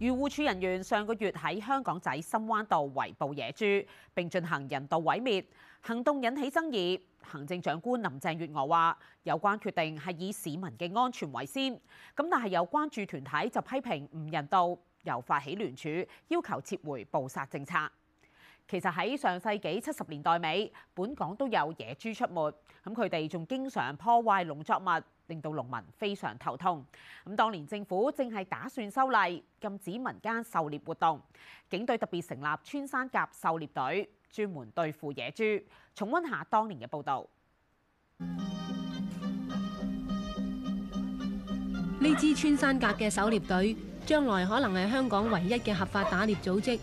漁護署人員上個月喺香港仔深灣道圍捕野豬，並進行人道毀滅行動，引起爭議。行政長官林鄭月娥話：有關決定係以市民嘅安全為先。咁但係有關注團體就批評唔人道，又發起聯署要求撤回捕殺政策。其實喺上世紀七十年代尾，本港都有野豬出沒，咁佢哋仲經常破壞農作物。令到農民非常頭痛。咁當年政府正係打算修例禁止民間狩獵活動，警隊特別成立穿山甲狩獵隊，專門對付野豬。重溫下當年嘅報道。呢支穿山甲嘅狩獵隊，將來可能係香港唯一嘅合法打獵組織，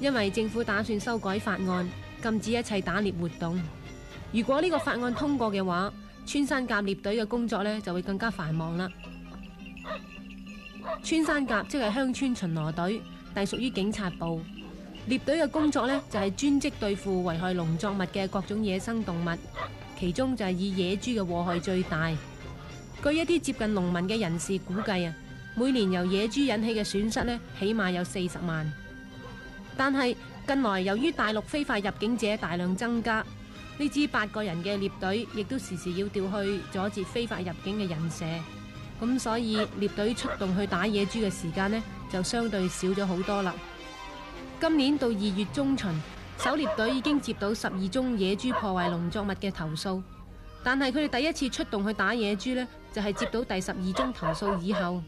因為政府打算修改法案禁止一切打獵活動。如果呢個法案通過嘅話，穿山甲獵隊嘅工作咧就會更加繁忙啦。穿山甲即係鄉村巡邏隊，隸屬於警察部。獵隊嘅工作呢，就係專職對付危害農作物嘅各種野生動物，其中就係以野豬嘅禍害最大。據一啲接近農民嘅人士估計啊，每年由野豬引起嘅損失呢，起碼有四十萬。但係近來由於大陸非法入境者大量增加。呢支八個人嘅獵隊，亦都時時要調去阻截非法入境嘅人蛇，咁所以獵隊出動去打野豬嘅時間呢，就相對少咗好多啦。今年到二月中旬，狩獵隊已經接到十二宗野豬破壞農作物嘅投訴，但係佢哋第一次出動去打野豬呢，就係接到第十二宗投訴以後。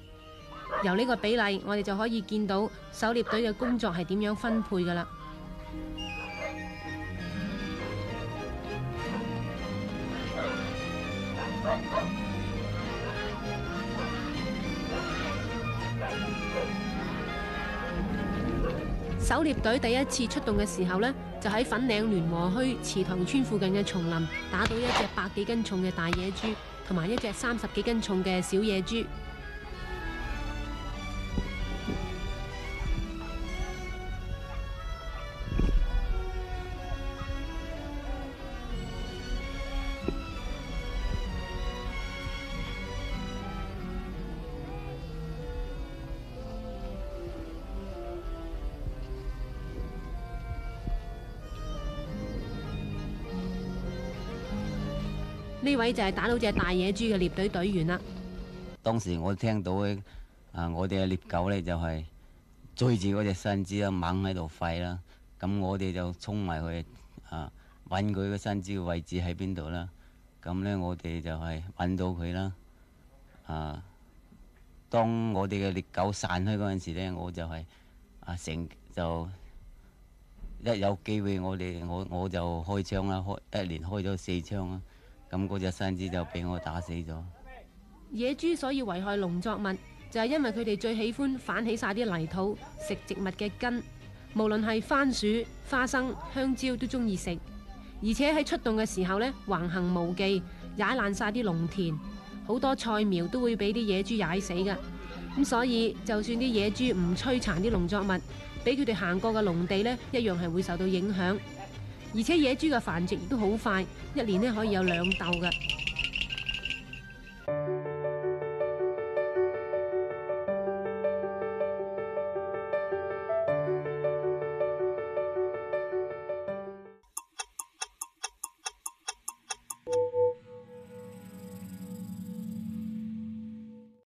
由呢個比例，我哋就可以見到狩獵隊嘅工作係點樣分配㗎喇。狩獵隊第一次出動嘅時候呢，就喺粉嶺聯和墟祠堂村附近嘅叢林打到一隻百幾斤重嘅大野豬，同埋一隻三十幾斤重嘅小野豬。呢位就係打到隻大野豬嘅獵隊隊員啦。當時我聽到的啊，我哋嘅獵狗咧就係、是、追住嗰隻身子啦，猛喺度吠啦。咁、啊、我哋就衝埋去啊，揾佢個身子嘅位置喺邊度啦。咁、啊、咧我哋就係揾到佢啦。啊，當我哋嘅獵狗散開嗰陣時咧，我就係、是、啊成就一有機會我哋我我就開槍啦，開一連開咗四槍啊！咁嗰隻山豬就俾我打死咗。野豬所以危害農作物，就係因為佢哋最喜歡反起晒啲泥土，食植物嘅根。無論係番薯、花生、香蕉都中意食。而且喺出動嘅時候咧，橫行無忌，踩爛晒啲農田，好多菜苗都會俾啲野豬踩死噶。咁所以，就算啲野豬唔摧殘啲農作物，俾佢哋行過嘅農地咧，一樣係會受到影響。而且野豬嘅繁殖亦都好快，一年可以有兩竇嘅。